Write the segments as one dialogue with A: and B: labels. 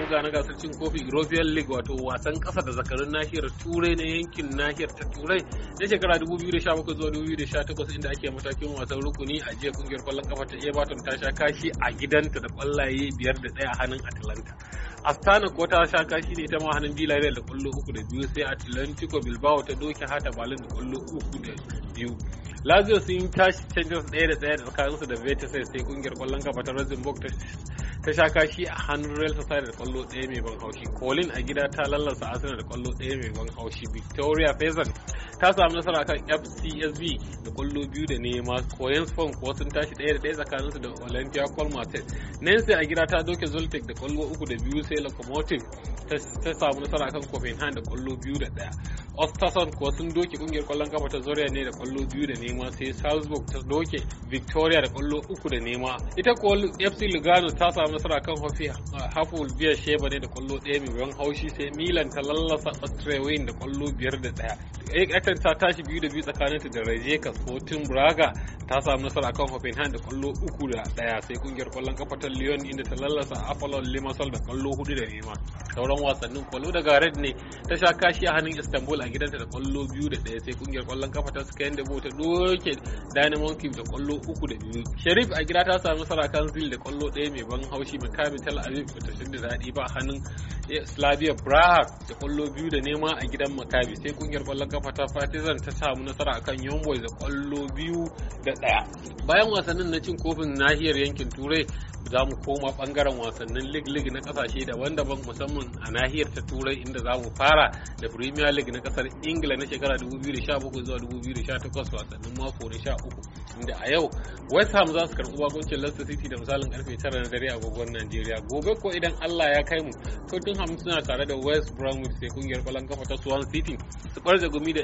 A: buga na gasar cin kofi European League wato wasan kasa da zakarin nahiyar Turai na yankin nahiyar ta Turai na shekara 2017 zuwa 2018 inda ake matakin wasan rukuni a jiya kungiyar kwallon kafa ta Everton ta sha kashi a gidanta da kwallaye biyar da daya a hannun atlanta Astana ko ta sha kashi ne ta ma hannun Villarreal da kwallo uku da biyu sai Atlantico Bilbao ta doke hata balin da kwallo uku da biyu. Lazio sun tashi canjin daya da daya da tsakaninsu da vetus sai kungiyar kwallon kafa ta Rosenborg ta ta sha kashi a hannun Royal Society da kwallo ɗaya mai ban haushi. Colin a gida ta lallasa Arsenal da kwallo ɗaya mai ban haushi. Victoria Peasant ta samu nasara kan fcsb da kwallo biyu da nema koyan spawn kuwa sun tashi ɗaya da ɗaya tsakaninsu da olympia colmartet nancy a gida ta doke zoltic da kwallo uku da biyu sai locomotive ta samu nasara kan copenhagen da kwallo biyu da ɗaya ostason kuwa sun doke kungiyar kwallon kafa ta zoria ne da kwallo biyu da nema sai salzburg ta doke victoria da kwallo uku da nema ita kuwa fc lugano ta samu nasara kan hofi eh, haful biyar sheba ne da kwallo ɗaya mai ban haushi sai milan ta lallasa wayne da kwallo biyar da ɗaya eh, ta tashi biyu da biyu tsakaninta da Rijeka Sporting Braga ta samu nasara kan Hoffenheim da kwallo uku da daya sai kungiyar kwallon kafa ta Lyon inda ta lallasa Apollon Limassol da kwallo hudu da nema sauran wasannin kwallo daga Red ne ta sha kashi a hannun Istanbul a gidanta da kwallo biyu da daya sai kungiyar kwallon kafa ta Skyndebo ta doke Dynamo Kiev da kwallo uku da biyu Sharif a gida ta samu nasara kan Zil da kwallo daya mai ban haushi Maccabi Tel Aviv ba ta shirya daɗi ba a hannun eh, Slavia Praha da kwallo biyu da nema a gidan makabi sai kungiyar kwallon kafa ta Partizan ta samu nasara akan Young Boys da kwallo biyu da daya bayan wasannin na cin kofin nahiyar yankin turai za mu koma bangaren wasannin league league na kasashe daban-daban musamman a nahiyar ta turai inda za mu fara da premier league na kasar ingila na shekara 2017 zuwa 2018 wasannin mako na 13 inda a yau west ham za su karɓi bakuncin leicester city da misalin karfe 9 na dare a gogon nigeria gobe ko idan allah ya kai mu tottenham suna tare da west bromwich sai kungiyar kwallon kafa ta swan city su da gumi da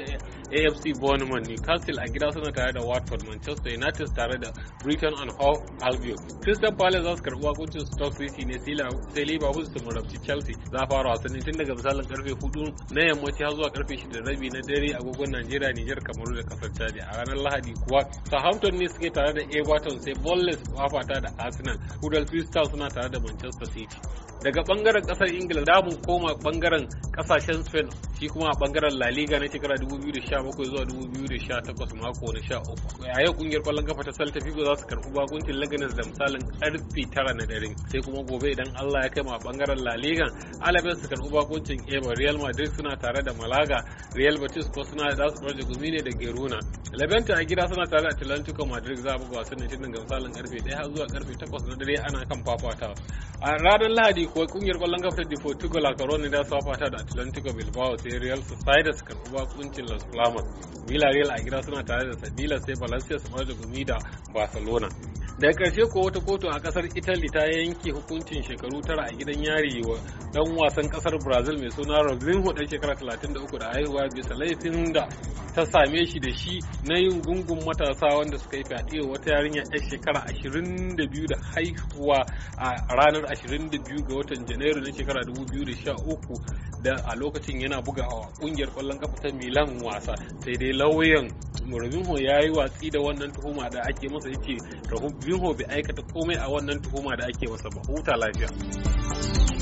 A: afc bournemouth newcastle a gida suna tare da watford manchester Manchester United tare da Britain and Hove Albion. Crystal Palace za su karbi wakuncin Stoke City ne sai Liverpool su murabci Chelsea za fara wasanni tun daga misalin karfe 4 na yammaci har zuwa karfe 6 da rabi na dare agogon Najeriya, Nijar, Kamaru da kasar Chad. A ranar Lahadi kuwa Southampton ne suke tare da Everton sai Bournemouth wafata da Arsenal. hudal Crystal suna tare da Manchester City. Daga bangaren kasar Ingila za koma bangaren kasashen Spain shi kuma a bangaren La Liga na shekara 2017 zuwa 2018 mako na 13 Yayin yau kungiyar kwallon kafa ta Celta Vigo za su karbi bakuncin Leganes da misalin karfi 9 na dare sai kuma gobe idan Allah ya kai mu a bangaren La Liga Alaves su karbi bakuncin Eibar Real Madrid suna tare da Malaga Real Betis ko suna da su farje gumi ne da Girona labenta a gida suna tare atlantico madrid za a buga wasannin shirin ga misalin karfe 1 zuwa karfe 8 na dare ana kan fafata a ranar lahadi kuwa kungiyar kwallon kafa da portugal a corona da fafata da atlantico bilbao sai real sociedad su karbi bakuncin las palmas villarreal a gida suna tare da sabila sai valencia su da gumi da barcelona daga ƙarshe ko wata kotu a ƙasar italy ta yanke hukuncin shekaru tara a gidan yari wa dan wasan ƙasar brazil mai suna rodrigo dan shekara 33 da haihuwa bisa laifin da ta same shi da shi na yin gungun matasa wanda suka yi fyaɗe wata yarinya yar shekara 22 da haihuwa a ranar 22 ga watan janairu na shekara 2013 da a lokacin yana buga a kungiyar kwallon kafa ta milan wasa sai dai lauyan robinho ya yi watsi da wannan tuhuma da ake masa yake rahobi Jorginho bai aikata komai a wannan tuhuma da ake masa ba huta lafiya.